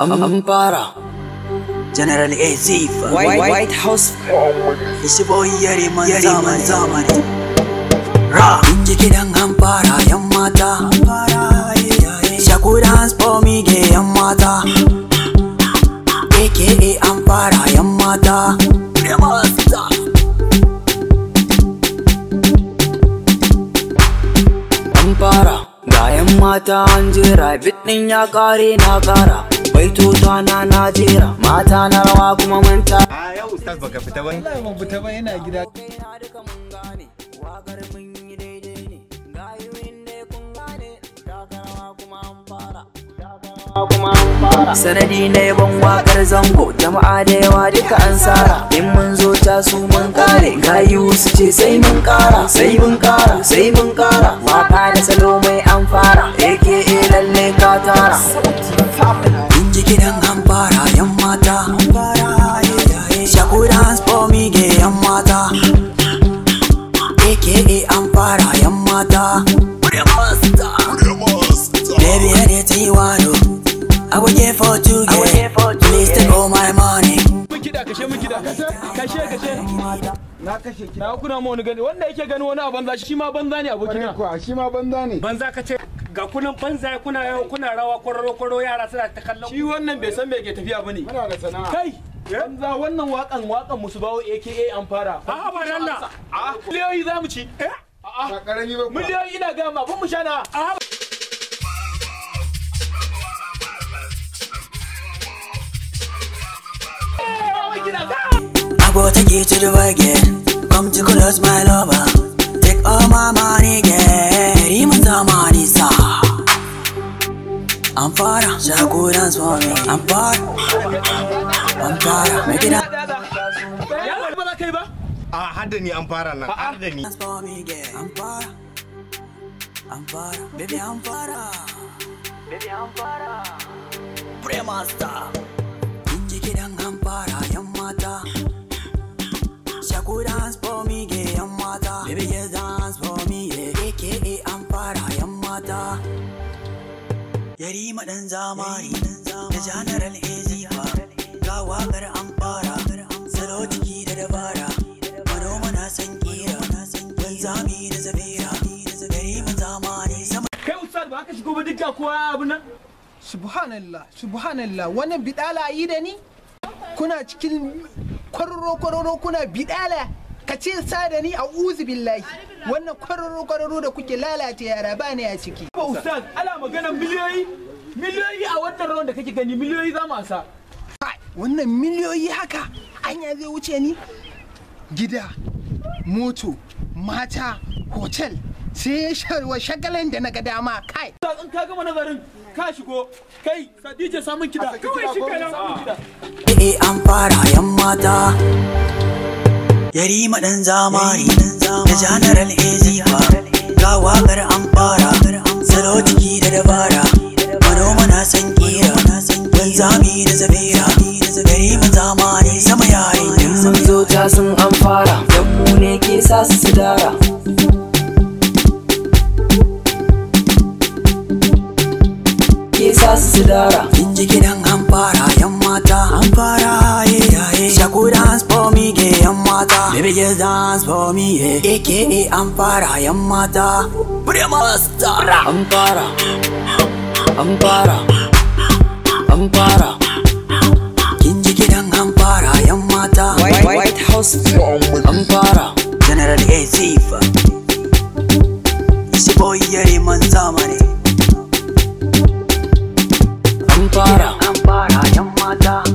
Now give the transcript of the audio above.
Ampara fara general azifa white house ishiboyi yare man zamani zamani ra inji gidan ampara fara yan mata shaku dance for me ga yan mata aka an fara yan mata Ampara fara ga yan mata an jira bit ya kare na kara wai tutuwa na na jera mata na rawa kuma manta a yau ustaz baka fita ba Allah ban fita ba yana gida sanadi na yaban wakar zango jama'a da yawa duka an sara in mun zo ta su mun kare gayu su ce sai mun kara sai mun kara sai mun kara waka da salo mai anything you want I will get for two get. Please take all my money. kashe mu kida kashe kashe na kashe kida na kuna mu wani gani wanda yake gani wani banza shi ma banza ne abokina ko shi ma banza ne banza kace ga kunan banza kuna kuna rawa kororo kororo yara suna ta kallon shi wannan bai san me ke tafiya bane muna da sana'a kai eh? banza wannan wakan wakan musu bawo aka an fara a ba Allah a liyoyi zamu ci eh? a'a miliyoyi ina ga ma ban mu shana a'a I will take you to the wagon. Come to close my lover. Take all my money, get him the money, sir. I'm far, Jaco dance for me. I'm far, I'm far, make it up. Ah, hada ni an fara nan, hada ni. ampara fara, an baby an baby an fara. yari ɗan zamani da janaral Ezifa ga wakar an fara salo ciki da dabara manoma mana san kira zami da zabira madan zamani sama. Kai Ustaz ba ka shigo ba duk kowa abu nan? Subhanallah, subhanallah wannan bidala yi da ni? Kuna cikin kwaroro kwaroro kuna bidala. ka ce sa da ni a uzu billahi wannan kwararo kwararo da kuke lalata yara ba ne a ciki ba ustaz ala magana miliyoyi miliyoyi a wannan rawan da kake gani miliyoyi za mu asa wannan miliyoyi haka anya zai wuce ni gida moto mata hotel sai ya sharwa shagalan da na ga dama kai in ka gama nazarin ka shigo kai sadije samun kida kawai shi kai samun kida eh an fara yan mata Yarima ɗan zamani da janaral Ezifa ga waƙar an fara salo ciki da dabara manoma na san kira zami da zabira Yarima zamani sama yare in mun zo ta sun an fara dan mu ne ke sa su dara ke sa su dara in ji gidan Tommy aka an fara yan mata Premasta kin gidan an fara yan mata White House an fara General Azif Isi boy man zamani An fara fara yan mata